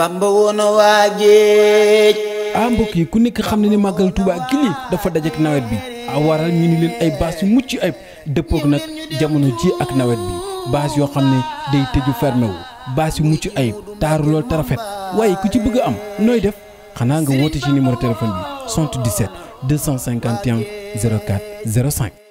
Bamba woon a waa géej ah mbokk yi ku nekk xam ne ni màggal Tuubaa gi lii dafa dajek nawet bi a ah, waral ñu ni leen ay baas yu mucc ayib dëppook nag jamono ji ak nawet bi baas yoo xam ne day tëju fermé wu baas yu mucc ayib taaru lool tarafet waaye ku ci bëgg a am nooy def xanaa nga woote ci numéro téléphone bi 77 251 04 05